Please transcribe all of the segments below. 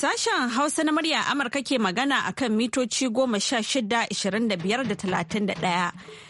Sashen Hausa na murya Amurka ke magana akan mitoci goma sha shida, ashirin da biyar da talatin da ɗaya.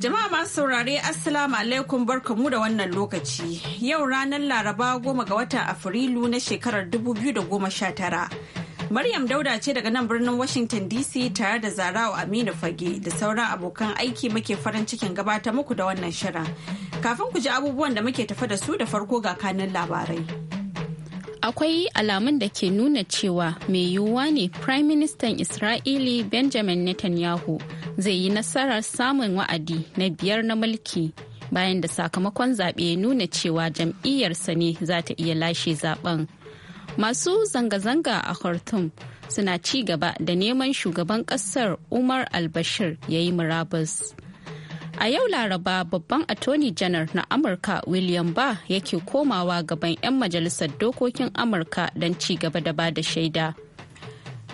Jama'a masu saurare Assalamu alaikum barkamu da wannan lokaci. Yau ranar Laraba goma ga watan Afrilu na shekarar 2019. Maryam Dauda ce daga nan birnin Washington DC tare da Zarawa Aminu Fage da sauran abokan aiki muke farin cikin gabata muku da wannan shirin. Kafin ku ji abubuwan da muke tafa da su da farko ga kanin labarai. akwai alamun da ke nuna cewa mai yiwuwa ne prime minister isra'ili benjamin netanyahu zai yi nasarar samun wa'adi na biyar na mulki bayan da sakamakon zaɓe ya nuna cewa jam'iyyarsa ne za ta iya lashe zaben masu zanga-zanga a khartoum suna ci gaba da neman shugaban ƙasar umar albashir ya yi murabus. A yau Laraba babban Attorney General na Amurka William Barr yake komawa gaban 'yan majalisar dokokin Amurka don ci gaba da bada shaida.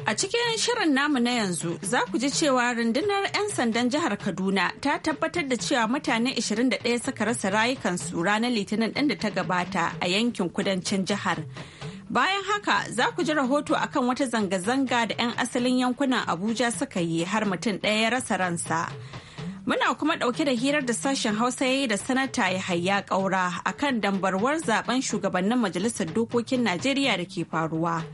A cikin shirin namu na yanzu za ku ji cewa rundunar 'yan sandan jihar Kaduna ta tabbatar da cewa mutane 21 suka rasa rayukansu ranar litinin ɗin da ta gabata a yankin kudancin jihar. Bayan haka za ku ji rahoto akan wata zanga-zanga da 'yan asalin yankunan Abuja suka yi har mutum ɗaya ya rasa ransa. Muna kuma ɗauke da hirar da sashen Hausa yayi da Sanata Yahaya Kaura a kan dambarwar zaben shugabannin Majalisar Dokokin Najeriya da ke faruwa.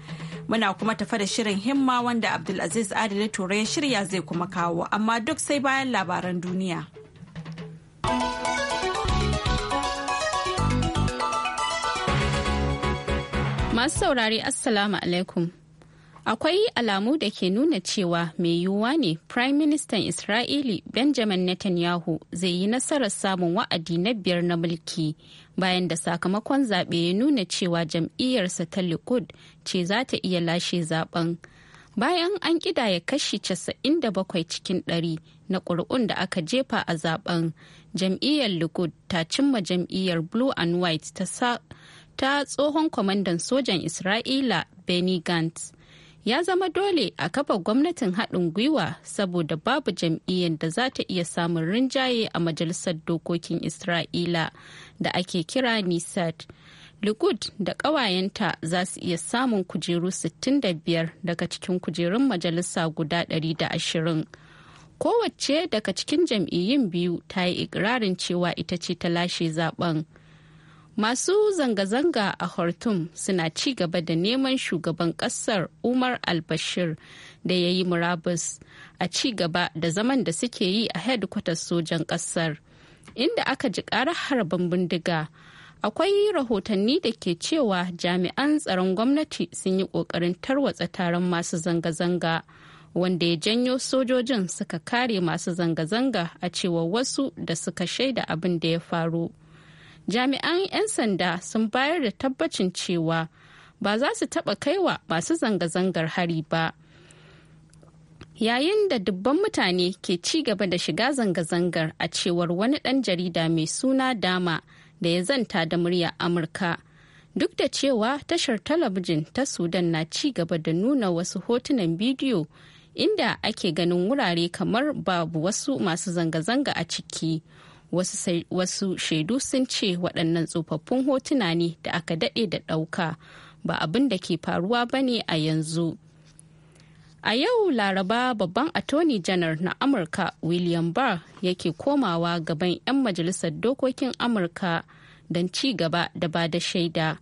Muna kuma tafa da shirin himma wanda Abdulaziz Adil Ture ya shirya zai kuma kawo, amma duk sai bayan labaran duniya. Masu saurari Assalamu alaikum. Akwai alamu da ke nuna cewa mai yiwuwa ne Prime minister Isra'ili Benjamin Netanyahu zai yi nasarar samun wa'adi na biyar na mulki bayan da sakamakon zaɓe ya nuna cewa jam'iyyarsa ta Likud ce za ta iya lashe zaben. Bayan an ƙidaya kashi 97 cikin 100 na ƙuri'un da aka jefa a zaben, jam'iyyar Likud ta cimma jam'iyyar Blue and White ta tsohon kwamandan sojan Isra'ila Benny Gantz. ya zama dole a kafa gwamnatin haɗin gwiwa saboda babu jam'iyyar da za ta iya samun rinjaye a majalisar dokokin isra'ila da ake kira nisad likud da ƙawayenta za su iya samun kujeru 65 daga cikin kujerun majalisa guda 120 kowace daga cikin jam'iyyun biyu ta yi ikirarin cewa ita ce ta lashe zaben Masu zanga-zanga a Khartoum suna ci gaba da neman shugaban ƙasar Umar al-Bashir da ya yi murabus a ci gaba da zaman da suke yi a hedkwatar sojan ƙasar, inda aka ji ƙarar harbin bindiga. Akwai rahotanni da ke cewa jami'an tsaron gwamnati sun yi ƙoƙarin tarwatsa taron masu zanga-zanga. wanda ya janyo sojojin suka kare masu zanga-zanga a cewa wasu da suka shaida abin da ya faru. jami'an 'yan sanda sun bayar da tabbacin cewa ba za su taɓa kaiwa masu zanga-zangar hari ba yayin da dubban mutane ke ci gaba da shiga zanga-zangar a cewar wani ɗan jarida mai suna dama da ya zanta da murya amurka duk da cewa tashar talabijin ta sudan na ci gaba da nuna wasu hotunan bidiyo inda ake ganin wurare kamar babu wasu masu zanga-zanga a ciki wasu shaidu sun ce waɗannan tsofaffin hotuna ne da aka daɗe da ɗauka ba abin da ke faruwa ba ne a yanzu a yau laraba babban attorney general na amurka william barr yake komawa gaban 'yan majalisar dokokin amurka don ci gaba da ba da shaida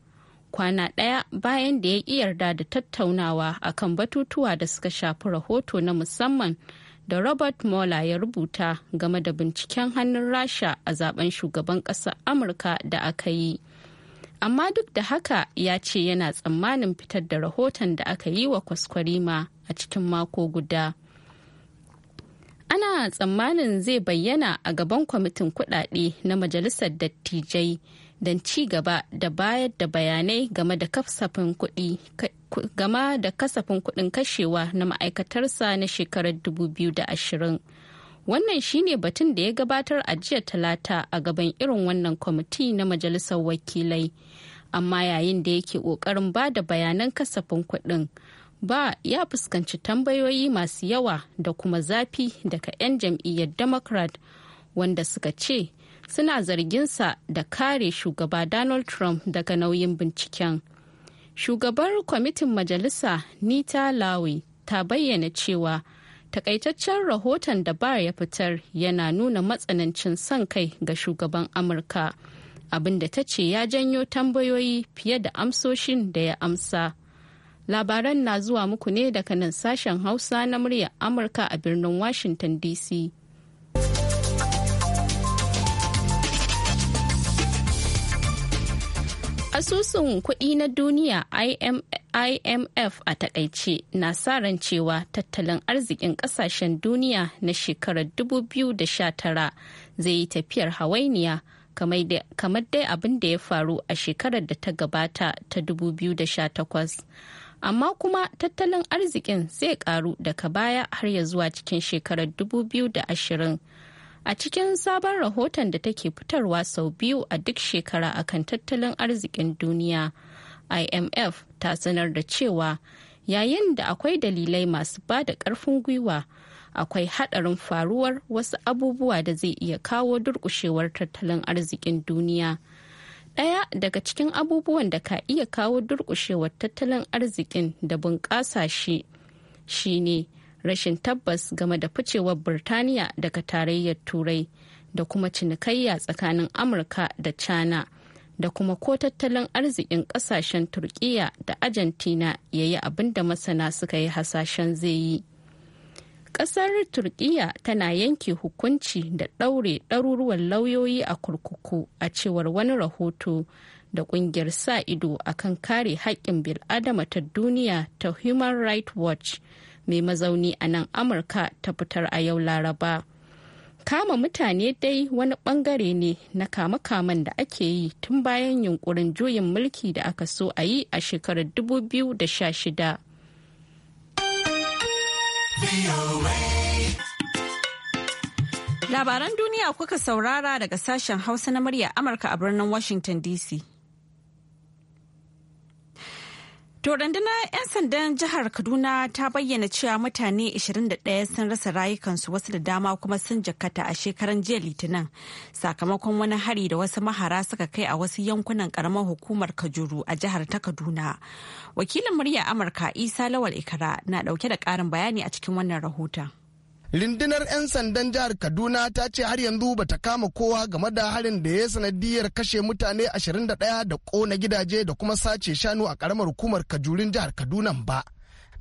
kwana ɗaya bayan da ya yarda da tattaunawa akan batutuwa da suka shafi rahoto na musamman da Robert Mueller ya rubuta game da binciken hannun Rasha a zaben shugaban ƙasar Amurka da aka yi. Amma duk da haka ya ce yana tsammanin fitar da rahoton da aka yi wa kwaskwarima a cikin mako guda. Ana tsammanin zai bayyana a gaban kwamitin kudade na Majalisar Dattijai don ci gaba da bayar da bayanai game da kasafin kuɗi game da kasafin kuɗin kashewa na ma'aikatarsa na shekarar 2020 wannan shine batun da ya gabatar a jiya talata a gaban irin wannan kwamiti na majalisar wakilai amma yayin da yake ƙoƙarin ba da bayanan kasafin kuɗin ba ya fuskanci tambayoyi masu yawa da kuma zafi daga 'yan jam'iyyar democrat wanda suka ce suna zarginsa da kare shugaba donald trump daga nauyin binciken shugabar kwamitin majalisa nita lawi ta bayyana cewa takaitaccen rahoton da bar ya fitar yana nuna matsanancin son kai ga shugaban amurka abinda ta ce ya janyo tambayoyi fiye da amsoshin da ya amsa labaran na zuwa muku ne daga nan sashen hausa na muryar amurka a birnin washington dc Asusun kuɗi na duniya IMF a takaice na sa ran cewa tattalin arzikin ƙasashen duniya na shekarar 2019 zai yi tafiyar hawainiya kamar dai abin da ya faru a shekarar da ta gabata ta 2018. Amma kuma tattalin arzikin zai karu daga baya har ya zuwa cikin shekarar 2020 a cikin sabon rahoton da take fitarwa sau biyu a duk shekara akan tattalin arzikin duniya imf ta sanar da cewa yayin da akwai dalilai masu ba da karfin gwiwa akwai hadarin faruwar wasu abubuwa da zai iya kawo durkushewar tattalin arzikin duniya ɗaya daga cikin abubuwan da ka iya kawo durkushewar tattalin arzikin da bunƙasa shi shine rashin tabbas game da ficewar Birtaniya daga tarayyar Turai da kuma cinikayya tsakanin Amurka da China da kuma ko tattalin arzikin kasashen Turkiyya da Argentina ya yi abin da masana suka yi hasashen zai yi. Ƙasar Turkiyya tana yanke hukunci da ɗaure ɗaruruwan lauyoyi a kurkuku a cewar wani rahoto. da kungiyar sa ido akan kare haƙƙin bil'adama ta duniya ta human rights watch mai mazauni a nan amurka ta fitar a yau laraba kama mutane dai wani bangare ne na kama-kaman da ake yi tun bayan yunkurin juyin mulki da aka so a yi a shekarar 2016 labaran duniya kuka saurara daga sashen hausa na murya amurka a birnin washington dc To rundunar 'yan sandan jihar Kaduna ta bayyana cewa mutane 21 sun rasa rayukansu wasu da dama kuma sun jakata a shekaran jiya litinin sakamakon wani hari da wasu mahara suka kai a wasu yankunan karamar hukumar Kajuru a jihar ta Kaduna. Wakilin murya Amurka Isa Lawal Ikara na dauke da karin bayani a cikin wannan rahoton. lindinar 'yan sandan jihar Kaduna ta ce har yanzu bata kama kowa game da harin da ya sanadiyar kashe mutane 21 da kona gidaje da kuma sace shanu a karamar hukumar Kajurin jihar Kaduna ba.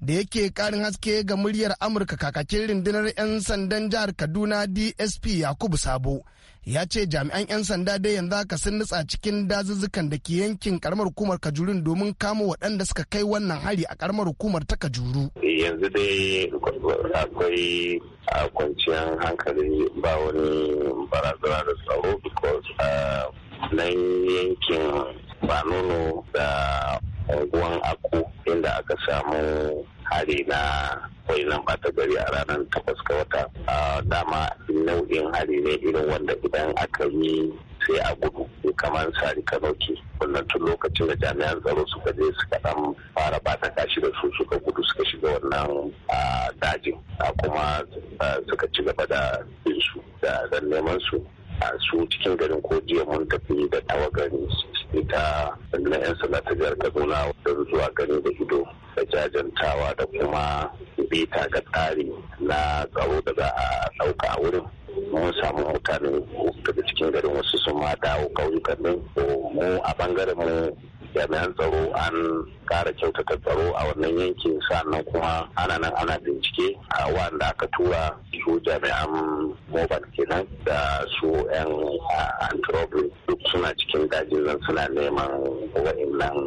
Da yake karin haske ga muryar Amurka kakakin rindinar 'yan sandan jihar Kaduna DSP Yakubu Sabo ya ce jami'an 'yan sanda dai yanzu haka sun nutsa cikin dazuzzukan da ke yankin karamar hukumar kajurin domin kama waɗanda suka kai wannan hari a karamar hukumar ta kajuru eh, yanzu dai akwai ah, kwanciyar hankali ba wani barazana da tsaro because ah, nan yankin ba nono da unguwan ako inda aka samu hari na wayannan bata gari a ranar takwas ga wata dama nau'in hari ne irin wanda idan aka yi sai a gudu kamar sari kanauki wannan tun lokacin da jami'an tsaro suka je suka dan fara bata kashi da su suka gudu suka shiga wannan dajin kuma suka ci gaba da binsu da da neman su a su cikin garin ko jiya mun tafi da tawagar ita na yan sanda ta jihar kaduna don zuwa gani da ido da jajantawa da kuma bita ga tsari na tsaro da za a ɗauka a wurin mun samu mutane daga cikin garin wasu sun ma dawo ƙauyukan ko mu a bangaren mu jami'an tsaro an kara kyautata tsaro a wannan yankin sannan kuma ana nan ana bincike a wanda aka tura su jami'an mobal kenan da su 'yan ah, antirobin duk suna cikin dajin nan suna neman nan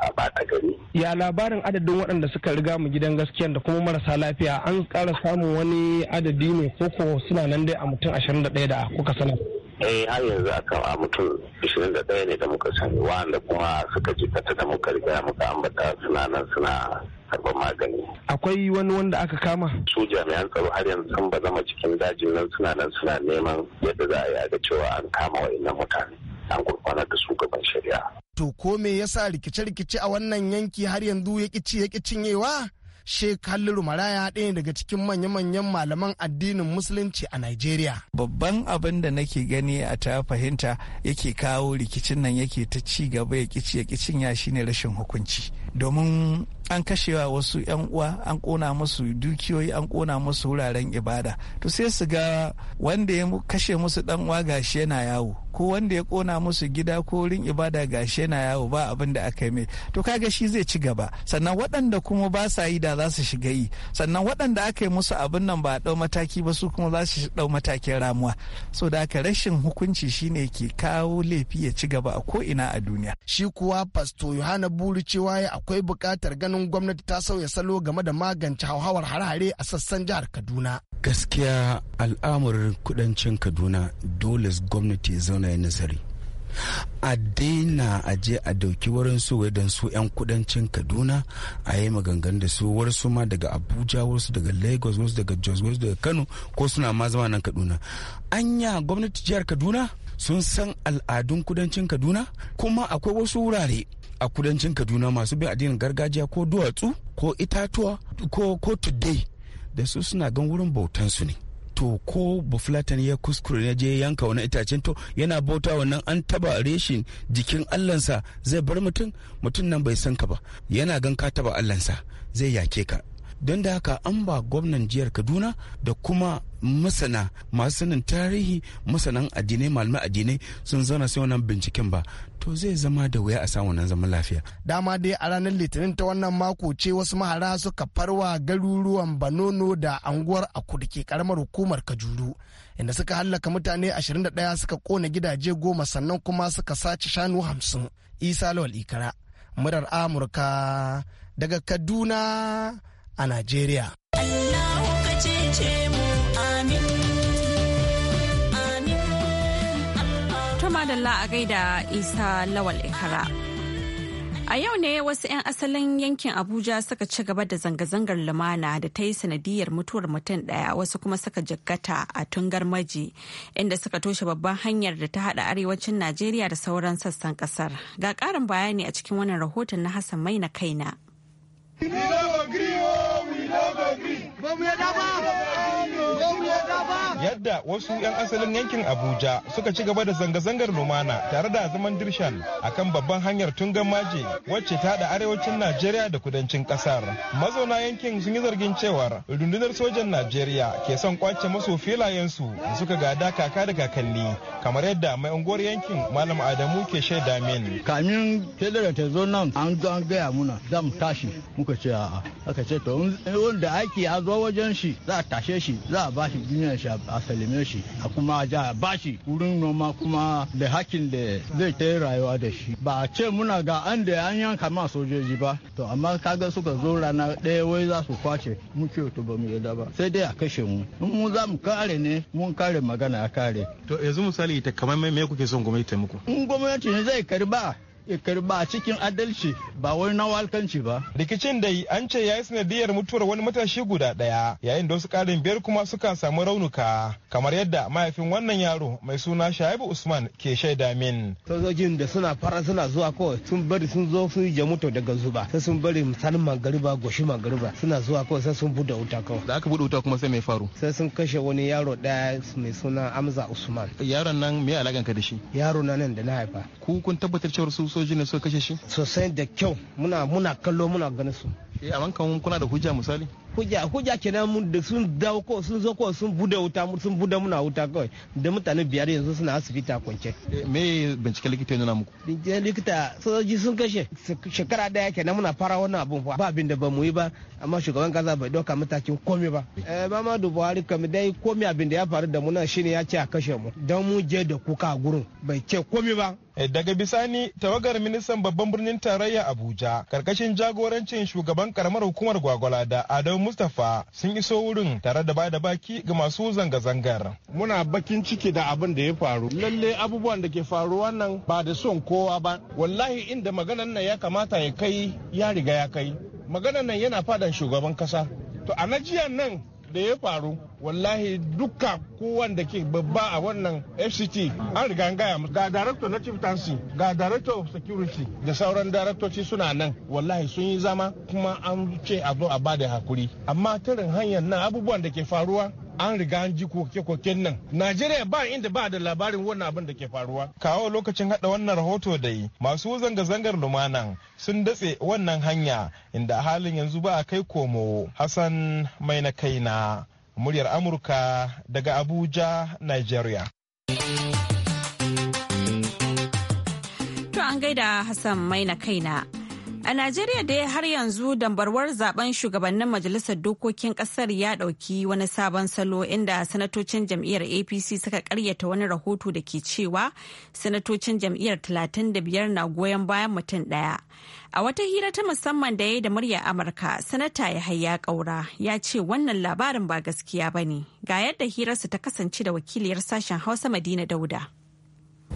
a bata gari. Ya labarin adadin waɗanda suka riga mu gidan gaskiya da kuma marasa lafiya an ƙara samun wani adadi ne koko suna nan dai a mutum ashirin da kuka sanar. eh har yanzu kan a mutum 21 ne da muka sani wanda kuma suka ta da muka riga muka ambata suna nan suna karɓar magani. Akwai wani wanda aka kama? Su jami'an tsaro har yanzu sun ba zama cikin dajin nan suna nan suna neman yadda za a yi ga cewa an kama wa'innan mutane an gurfana da su gaban shari'a. To ko me yasa rikice-rikice a wannan yanki har yanzu ya ci ya ƙi cinyewa? Sheikh Maraya ɗaya daga cikin manya-manyan malaman addinin musulunci a Najeriya. Babban abin da nake gani a ta fahimta yake kawo rikicin nan yake ta ci gaba ya ya kicin ya shine rashin hukunci. Domin an kashewa wasu 'yan uwa an kona musu dukiyoyi an kona musu wuraren ibada to sai su ga wanda ya kashe musu dan uwa gashi yana yawo ko wanda ya kona musu gida ko wurin ibada gashi yana yawo ba abin da aka yi mai to kaga shi zai ci gaba sannan waɗanda kuma ba sa yi da za su shiga yi sannan waɗanda aka yi musu abin nan ba a ɗau mataki ba su kuma za su ɗau matakin ramuwa so da rashin hukunci shine ke kawo laifi ya ci gaba a ko ina a duniya shi kuwa pastor yohana buru cewa akwai bukatar gan ganin gwamnati ta sauya salo game da magance hauhawar hare a sassan jihar Kaduna. Gaskiya al'amurin kudancin Kaduna dole gwamnati ya zauna ya nazari. a daina a je a dauki wurin su don su 'yan kudancin kaduna a yi maganganu da su wasu ma daga abuja wasu daga lagos wasu daga jos wasu daga kano ko suna ma zama nan kaduna anya gwamnati jihar kaduna sun san al'adun kudancin kaduna kuma akwai wasu wurare a kudancin kaduna masu bin addinin gargajiya ko duwatsu ko itatuwa ko ko tuddai da su suna gan wurin bautan su ne to ko bufulatan ya kuskure ya je yanka wani itacen to yana bauta wannan an taba reshin jikin allansa zai bar mutum mutum nan bai san ka ba yana gan ka taba allansa zai yake ka don da haka an ba gwamnan jihar kaduna da kuma masana masu sanin tarihi masanan addinai malamai addinai sun zana sai wannan binciken ba to zai zama da wuya a samu wannan zaman lafiya dama dai a ranar litinin ta wannan mako ce wasu mahara suka farwa garuruwan banono da anguwar akudu ke karamar hukumar kajuru inda suka hallaka mutane 21 suka kona gidaje goma sannan kuma suka sace shanu 50 isa lawal ikara murar amurka daga kaduna a Najeriya. Tumadalla a gaida Isa Lawal Ikara. A yau ne wasu 'yan asalin yankin Abuja suka ci gaba da zanga-zangar lumana da ta yi sanadiyar mutuwar mutum ɗaya wasu kuma suka jaggata a tungar maji inda suka toshe babban hanyar da ta haɗa arewacin Najeriya da sauran sassan ƙasar. Ga ƙarin bayani a cikin wannan rahoton na Hassan Maina kaina. We never agree, oh, we never agree. yadda wasu 'yan asalin yankin abuja suka ci gaba da zanga-zangar lumana tare da zaman dirshan kan babban hanyar tungan maje wacce ta da arewacin najeriya da kudancin kasar mazauna yankin sun yi zargin cewar rundunar sojan najeriya ke son kwace masu filayensu da suka gada kaka da kakanni kamar yadda mai unguwar yankin malam adamu ke shaida min kamin federa ta zo nan an zo an gaya muna mu tashi muka ce a'a aka ce to wanda aiki a zo wajen shi za a tashe shi za a bashi duniyar shi a salime shi a kuma ja bashi wurin noma kuma da hakin da zai ta rayuwa da shi ba a ce muna ga an da an yanka ma sojoji ba to amma kaga suka zo rana ɗaya wai za su kwace ce to ba mu yarda ba sai dai a kashe mu in mu za mu kare ne mun kare magana ya kare to yanzu misali ta kamar me kuke son gwamnati ta muku in gwamnati ne zai karba karba cikin adalci ba wani na walkanci ba. Rikicin dai an ce ya yi sanadiyar mutuwar wani matashi guda daya yayin da wasu karin biyar kuma suka samu raunuka kamar yadda mahaifin wannan yaro mai suna Shaibu Usman ke shaida min. Sojojin da suna fara suna zuwa kawai sun bari sun zo sun yi mutu daga zuba sai sun bari misalin magariba goshi magariba suna zuwa kawai sai sun bude wuta kawai. Da aka bude wuta kuma sai mai faru. Sai sun kashe wani yaro daya mai suna Amza Usman. Yaron nan me ka da shi? Yaro na nan da na haifa. Ku kun tabbatar cewar su sojin da suka kashe shi sosai da kyau muna kallo muna ganin su eh amma kuna da hujja misali hujja hujja kenan mun da sun dawo ko sun zo ko sun bude wuta sun bude muna wuta kawai da mutane biyar yanzu suna asibita kwance eh, me bincike likita nuna muku bincike likita sojoji sun kashe shekara daya kenan muna fara wannan abun fa ba abin da ba mu yi ba amma shugaban kasa bai dauka matakin komai ba eh mamadu Buhari kam dai komai abin da ya faru da mu nan shine ya ce a kashe mu dan mu je da kuka a gurin bai ce komai ba eh, daga bisani tawagar ministan babban birnin tarayya Abuja karkashin jagorancin shugaban karamar hukumar Gwagwalada Adamu Mustapha sun iso wurin tare da bada baki ga masu zanga-zangar. Muna bakin ciki da abin da ya faru. Lalle abubuwan da ke faruwa nan ba da son kowa ba. Wallahi inda maganan nan ya kamata ya kai ya riga ya kai. Maganan nan yana fadan shugaban kasa. To a jiya nan da ya faru wallahi duka kowan da ke babba a wannan fct an riga an gaya ga director na chief tansi ga director of security da sauran daraktoci suna nan wallahi sun yi zama kuma an ce a zo a bada hakuri amma tarin hanyar nan abubuwan da ke faruwa an riga an ji koke-koken nan najeriya ba inda ba da labarin wannan abin da ke faruwa kawo lokacin hada wannan rahoto dai masu zanga-zangar lumana sun datse wannan hanya inda halin yanzu ba a kai komo hassan mai na kai na muryar amurka daga abuja nigeria to an gaida hassan mai na kai na. A Najeriya dai har yanzu dambarwar zaben shugabannin majalisar dokokin kasar ya dauki wani sabon salo inda sanatocin jam'iyyar APC suka karyata wani rahoto da ke cewa sanatocin jam'iyyar 35 na goyon bayan mutum daya. A wata hira ta musamman da ya yi da murya Amurka, sanata ya hayya ƙaura ya ce wannan labarin ba gaskiya ba ne. Ga yadda hirarsu ta kasance da wakiliyar sashen Hausa Madina Dauda.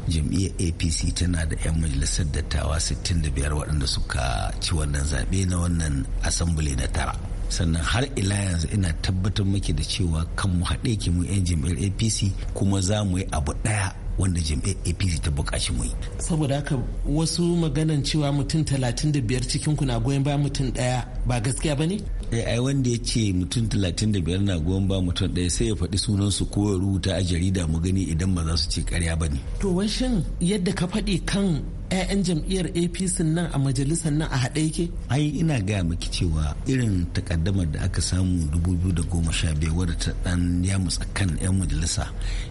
jam'iyyar apc tana da 'yan majalisar dattawa 65 waɗanda suka ci wannan zaɓe na wannan asambule na tara sannan har ila yanzu ina tabbatar muke da cewa kan mu haɗe ki mu 'yan jam'iyyar apc kuma za mu yi abu ɗaya wanda jam'iyyar apc ta buƙaci mu yi saboda haka wasu maganan cewa mutum 35 cikin ku na goyon ba mutum ɗaya ba gaskiya ba ne Eh, ai wanda ya ce mutum 35 na goyon ba mutum ɗaya sai ya faɗi sunansu ko ya rubuta a jarida mu gani idan ba za su ce karya ba ne. to wanshin yadda ka faɗi kan 'ya'yan jam'iyyar apc nan a majalisar nan a haɗe yake ai ina gaya miki cewa irin takaddamar da aka samu 2015 wadda ta dan ya kan 'yan majalisa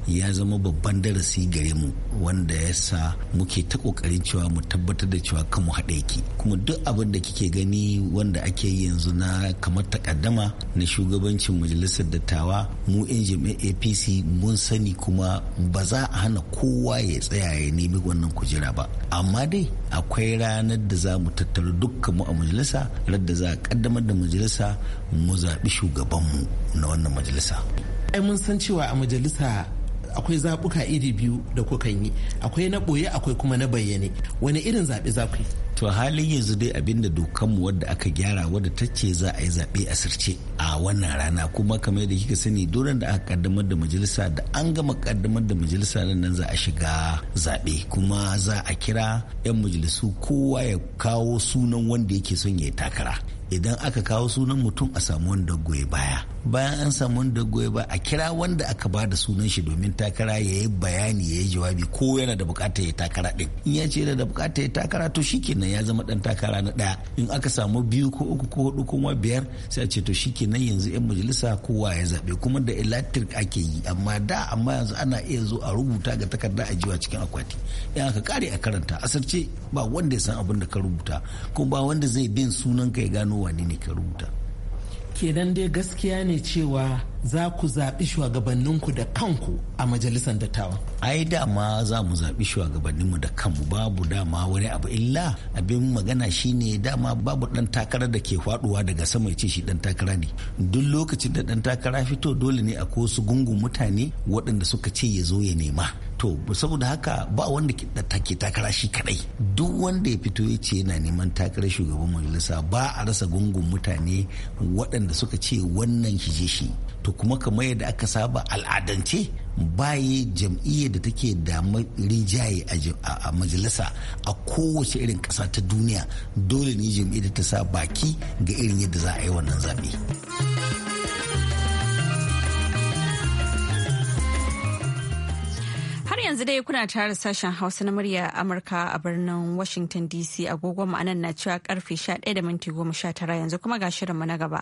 ya zama babban darasi gare mu wanda ya sa muke ta kokarin cewa mu tabbatar da cewa kanmu haɗe yake kuma duk abin da kike gani wanda ake yi yanzu na kamar takaddama na shugabancin majalisar dattawa mu 'yan jam'iyyar apc mun sani kuma ba za a hana kowa ya tsaya ya nemi wannan kujera ba amma dai akwai ranar da za mu tattara dukkan mu a majalisa da za a kaddamar da majalisa mu zaɓi shugabanmu na wannan majalisa ai mun san cewa a majalisa akwai zaɓuka iri biyu da kukan yi akwai na ɓoye akwai kuma na bayyane wani irin zaɓe za ku yi to halin yanzu dai abinda dokanmu wadda aka gyara wadda ta ce za a yi zaɓe a sirce a wannan rana kuma kamar yadda kika sani dole da aka kaddamar da majalisa da an gama kaddamar da majalisa nan za a shiga zaɓe kuma za a kira 'yan majalisu kowa ya kawo sunan wanda yake son ya yi takara idan aka kawo sunan mutum a samu wanda goyi baya bayan an samu wanda goyi baya a kira wanda aka ba da sunan shi domin takara ya yi bayani ya yi jawabi ko yana da bukatar ya takara ɗin in ya ce yana da bukatar ya takara to shikenan ya zama dan takara na ɗaya in aka samu biyu ko uku ko hudu ko biyar sai a ce to shikenan yanzu yan majalisa kowa ya zaɓe kuma da electric ake yi amma da amma yanzu ana iya zo a rubuta ga takarda a jiwa cikin akwati in aka kare a karanta asarce ba wanda ya san abin da ka rubuta ko ba wanda zai bin sunan ka ya gano gano ne ke rubuta kenan dai gaskiya ne cewa za ku zaɓi shugabanninku da kanku a majalisar dattawa. ai da ma za mu zaɓi shugabanninmu da kanmu babu dama wani abu illa abin magana shine dama babu ɗan takarar da ke faɗuwa daga sama ce shi ɗan takara ne duk lokacin da ɗan takara fito dole ne a su gungun mutane waɗanda suka ce ya zo ya nema to saboda haka ba wanda ke takara shi kadai duk wanda ya fito ya ce yana neman takarar shugaban majalisa ba a rasa gungun mutane waɗanda suka ce wannan shi to kuma kamar yadda aka saba al'adance baye jam'iyyar da take da rinjaye a majalisa a kowace irin ƙasa ta duniya dole ne jam'iyyar da ta sa baki ga irin yadda za a yi wannan zaɓe. Har yanzu dai kuna tare sashen Hausa na murya Amurka a birnin Washington DC agogon ma'anan na cewa karfe 11 da minti yanzu kuma ga shirinmu na gaba.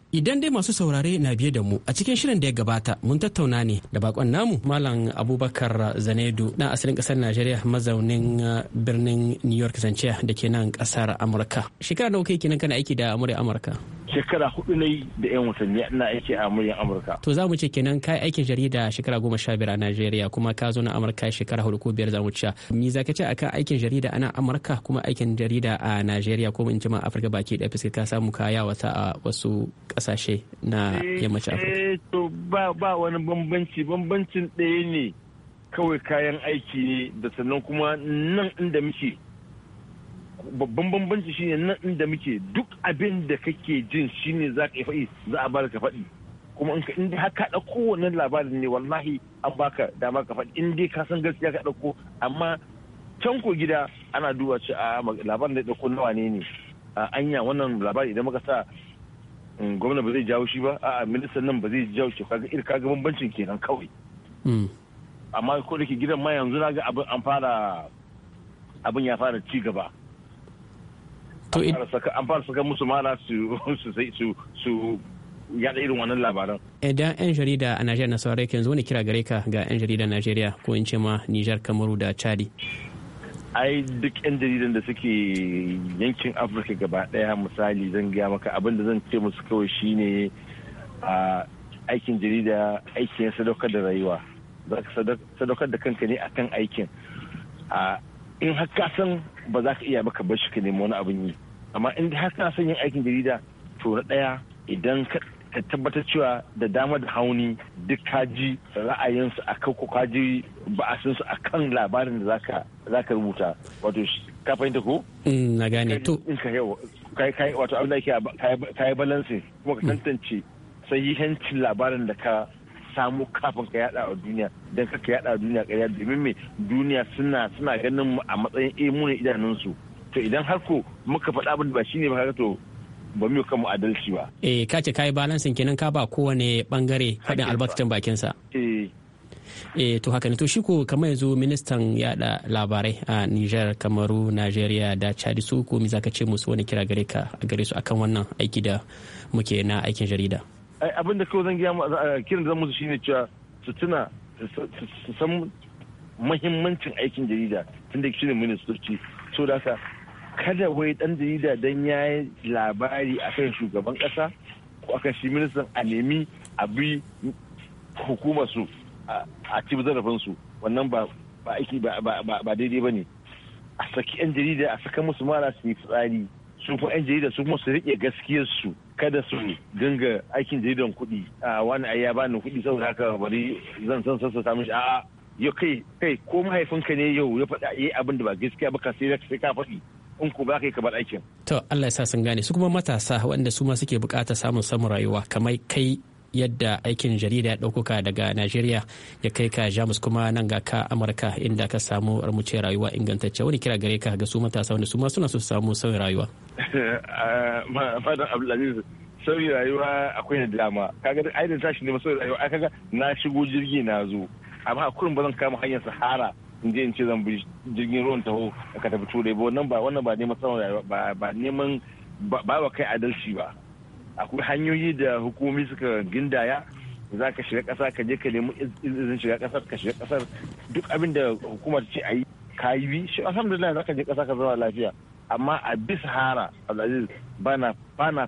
Idan dai masu saurare na biye da mu a cikin shirin da ya gabata mun tattauna ne da bakon namu Malam Abubakar Zanedu na asalin kasar Najeriya mazaunin uh, birnin New York zance da ke nan kasar Amurka. Shekara nawa kai kenan kana aiki da amurya Amurka? Shekara hudu ne da yan watanni ina aiki a amurya Amurka. To za mu ce kenan kai aikin jarida shekara goma sha biyar a Najeriya kuma ka zo na Amurka shekara hudu ko biyar za mu ce. Me za ka ce akan aikin jarida ana Amurka kuma aikin jarida a Najeriya ko in ji ma Afirka baki ɗaya fiske ka samu kaya wata a wasu kasashe na eh, yammacin afirka eh, to ba wani bambanci bambancin ɗaya ne kawai kayan aiki ne da sannan kuma nan inda muke babban bambanci shine nan inda muke duk abin da kake jin shine za ka faɗi za a bada ka faɗi kuma in dai haka da kowane labarin ne wallahi an baka dama ka faɗi in dai ka san gaskiya ka ɗauko amma can ko gida ana duba shi a ah, labarin da ɗauko nawa ne ne anya wannan labari idan muka sa Mm, gwamna ba zai jawo shi ba a'a ministan nan ba zai jawo shi kaga ir kaga bambancin kenan kawai mm. amma ko da ke gidan ma yanzu na ga abin an fara abin ya fara ci gaba an fara saka musu mara su su su yada irin wannan labaran idan yan jarida a najeriya na saurari yanzu wani kira gare ka ga yan jarida najeriya ko in ce ma nijar kamaru da chadi ai duk 'yan jaridan da suke yankin afirka gaba daya misali zan gaya maka abinda zan ce musu kawai shine a aikin jarida aikin sadaukar da rayuwa za ka sadaukar da kanka ne akan aikin in har san ba za ka iya maka bashi ka nemi wani abin yi amma in har ka san yin aikin jarida to na daya idan ka tabbatar cewa da dama da hauni duk kaji ra'ayinsu a kan kaji ba'asinsu a kan labarin da za ka rubuta wato ka fahimta ko? Mm, na gane to wato abin da ke ka yi balansi kuma ka mm. tantance sahihancin labarin da ka samu kafin ka yada a duniya don ka yada a duniya ƙarya domin me duniya suna suna ganin a matsayin imunin eh, idanunsu to idan har ko muka faɗa abin da ba shine ba to ba mu kamu adalci ba eh ka ce kai balansin kenan ka ba kowane bangare faɗin albarkacin bakin sa eh. eh to haka ne to shi ko kamar yanzu ministan yada labarai a Niger Kamaru Nigeria da Chad su ko mi zaka ce musu wani kira gare ka gare su akan wannan aiki da muke na aikin jarida abin da kawai zan gaya kiran da zan musu shine cewa su tuna su san muhimmancin aikin jarida tunda shine ministoci so da haka kada wai dan jarida dan ya yi labari a kan shugaban kasa ko akan shi ministan a nemi a bi hukumar su a ci zarafin su wannan ba ba aiki ba daidai ba ne a saki yan jarida a saka musu mara su yi fitsari su fa yan jarida su kuma su rike gaskiyar su kada su dinga aikin jaridan kuɗi a wani ai ya bani kuɗi saboda haka bari zan san ta mishi a'a yau kai kai ko mahaifinka ne yau ya faɗa yi abin da ba gaskiya ba ka sai ka faɗi in ku ba ka yi kamar aikin. To Allah ya sa sun gane su kuma matasa waɗanda su ma suke buƙatar samun samun rayuwa kamar kai yadda aikin jarida ya ɗaukuka daga Najeriya ya kai ka Jamus kuma nan ga ka Amurka inda ka samu armuce rayuwa ingantacce wani kira gare ka ga su matasa wanda su ma suna so su samu sauyin rayuwa. Fadan Abdulaziz sauyin rayuwa akwai da dama kaga ai da tashi ne sauyin rayuwa aka kaga na shigo jirgi na zo amma kurin ba zan kama hanyar Sahara in je in ce zan bi jirgin ruwan taho ka tafi turai ba wannan ba wannan ba neman samun ba ba neman ba wa kai adalci ba akwai hanyoyi da hukumomi suka gindaya za ka shiga ƙasa ka je ka nemi izinin shiga ƙasar ka shiga ƙasar duk abin da hukumar ce a yi ka yi bi shi alhamdulillah za ka je ƙasa ka zama lafiya amma a bisa hara abdulaziz ba na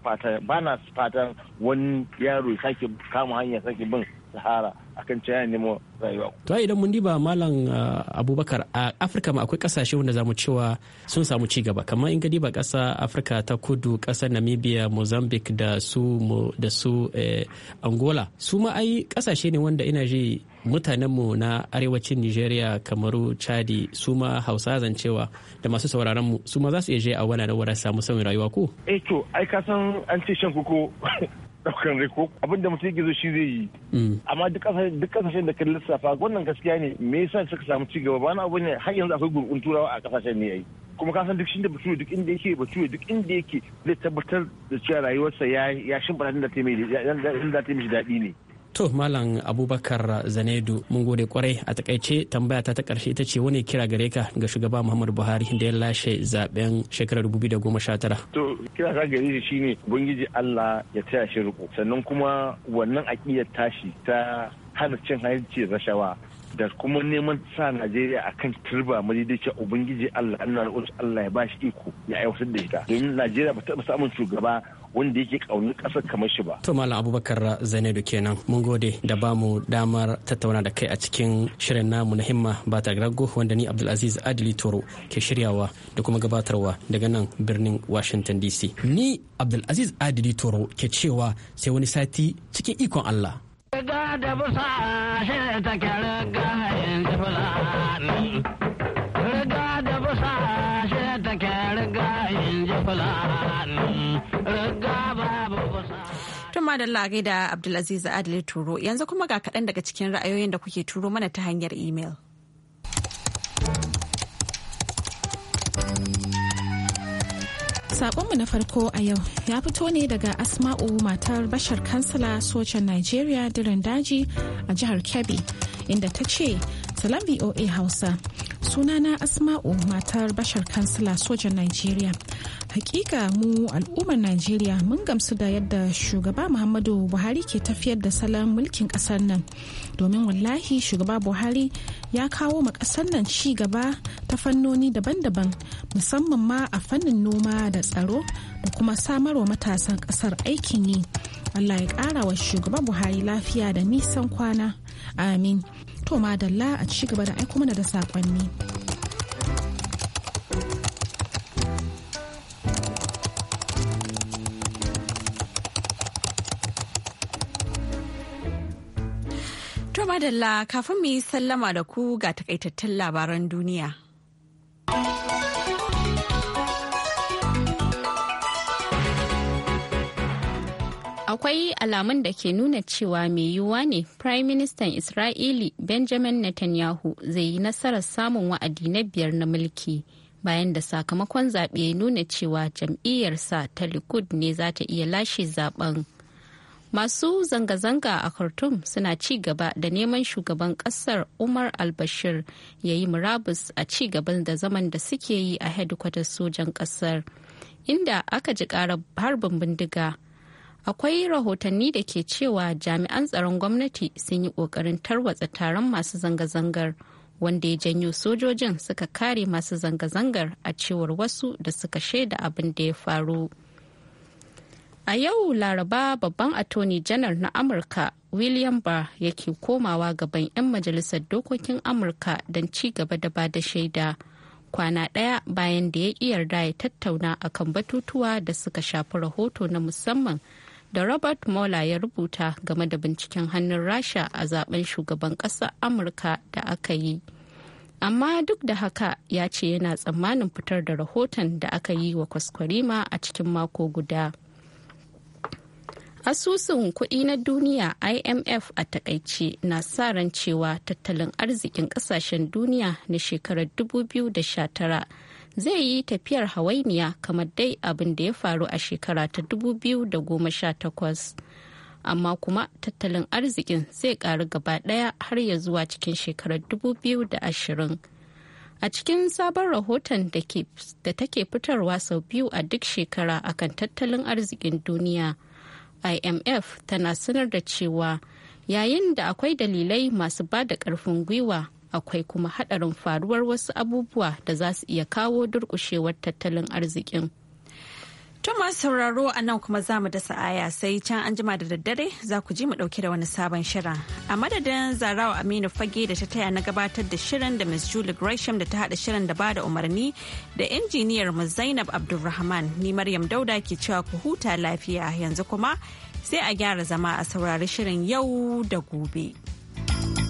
fata wani yaro sake kama hanya sake bin sahara akan cewa nemo rayuwa to idan mun diba malam uh, abubakar a afirka ma akwai kasashe wanda zamu cewa sun samu ci gaba kamar in ga diba kasa afirka ta kudu kasar namibia mozambique da su da su eh, angola su ma ai kasashe ne wanda ina ji mutanenmu na arewacin nigeria kamaru chadi su ma hausa cewa da masu sauraron mu su ma za su iya je a wani wara samu sauyin rayuwa ko eh to ai ka san an ce shan kuku daukan riko ko abin da mutum gizo shi zai yi mm. amma duk kasashen da ka lissafa wannan gaskiya ne me yasa suka samu ci gaba ba na abu ne har yanzu akwai gurgun turawa a kasashen ne yayi kuma ka san duk shi da bature duk inda yake bature duk inda yake zai tabbatar da cewa rayuwarsa ya ya shimfiɗa da ta mishi daɗi ne to malam abubakar zanedu mun gode kwarai a takaice tambaya ta ta karshe ita ce wani kira gare ka ga shugaba muhammadu buhari da ya lashe zaben shekarar 2019 to kira ka gare shi shine ubangiji allah ya taya shi riko sannan kuma wannan aƙiyar tashi ta hana cin hanci rashawa da kuma neman sa Najeriya akan kan turba madaidaiciya Ubangiji Allah Allah Allah ya ba shi iko ya aiwatar da ita. Domin Najeriya ba ta samun shugaba wanda yake ƙaunar kasar kamar shi ba. Tumal Abubakar Zainabu kenan mun gode da ba mu damar tattauna da kai a cikin shirin namu na himma ba ta rago wanda ni Abdulaziz Adili Toro ke shiryawa da kuma gabatarwa daga nan birnin Washington DC. Ni Abdulaziz Adili Toro ke cewa sai wani sati cikin ikon Allah. Riga da busa shi take riga yin fulani. madalla da Abdulaziz Adil Turo yanzu kuma ga kaɗan daga cikin ra'ayoyin da kuke turo mana ta hanyar imel. Sakonmu na farko a yau ya fito ne daga Asma'u matar bashar kansala sojan Najeriya diran daji a jihar Kebbi inda ta ce, Salam VOA Hausa. sunana asma'u matar bashar kansila sojan najeriya hakika mu al'ummar najeriya mun gamsu da yadda shugaba muhammadu buhari ke tafiyar da salon mulkin kasar nan domin wallahi shugaba buhari ya kawo ma kasar nan ci gaba ta fannoni daban-daban musamman ma a fannin noma da tsaro da kuma samarwa matasan kasar aikin yi allah ya kara wa shugaba buhari lafiya da nisan kwana amin To madalla a ci gaba da aiko mana da sakonni. To madalla kafin mu yi sallama da ku ga takaitattun labaran duniya. akwai alamun da ke nuna cewa mai yiwuwa ne prime minister isra'ili benjamin netanyahu zai yi nasarar samun wa'adi na biyar na mulki bayan da sakamakon zaɓe ya nuna cewa jam'iyyarsa ta likud ne za ta iya lashe zaben masu zanga-zanga a khartoum suna ci gaba da neman shugaban kasar umar albashir ya yi murabus a ci gaban da zaman da suke yi a hedikwatar sojan kasar inda aka ji karar harbin bindiga akwai rahotanni da ke cewa jami'an tsaron gwamnati sun yi kokarin tarwatsa taron masu zanga-zangar wanda ya janyo sojojin suka kare masu zanga-zangar a cewar wasu da suka shaida abin da ya faru a yau laraba babban attorney janar na amurka william barr yake komawa gaban 'yan majalisar dokokin amurka don ci gaba da ba da shaida kwana ɗaya bayan da ya yarda ya tattauna akan batutuwa da suka shafi rahoto na musamman da Robert Mola ya rubuta game da binciken hannun Rasha a zaben shugaban ƙasa Amurka da aka yi. Amma duk da haka ya ce yana tsammanin fitar da rahoton da aka yi wa kwaskwarima a cikin mako guda. Asusun kuɗi na duniya IMF a takaice na sa ran cewa tattalin arzikin ƙasashen duniya na shekarar 2019 zai yi tafiyar hawainiya kamar dai abin da ya faru a shekara ta 2018 amma kuma tattalin arzikin zai karu gaba daya har ya zuwa cikin shekarar 2020 a cikin sabon rahoton da take fitarwa sau biyu a duk shekara a kan tattalin arzikin duniya imf tana sanar da cewa yayin da akwai dalilai masu ba da karfin gwiwa akwai kuma hadarin faruwar wasu abubuwa da za su iya kawo durƙushewar tattalin arzikin. tuma sauraro a nan kuma za mu dasa aya sai can an jima da daddare za ku ji mu dauke da wani sabon shirin. A madadin Zarawa Aminu Fage da ta taya na gabatar da shirin da Ms. Julie Gresham da ta haɗa shirin da ba da umarni da injiniyar mu Zainab Abdulrahman ni Maryam Dauda ke cewa ku huta lafiya yanzu kuma sai a gyara zama a saurari shirin yau da gobe.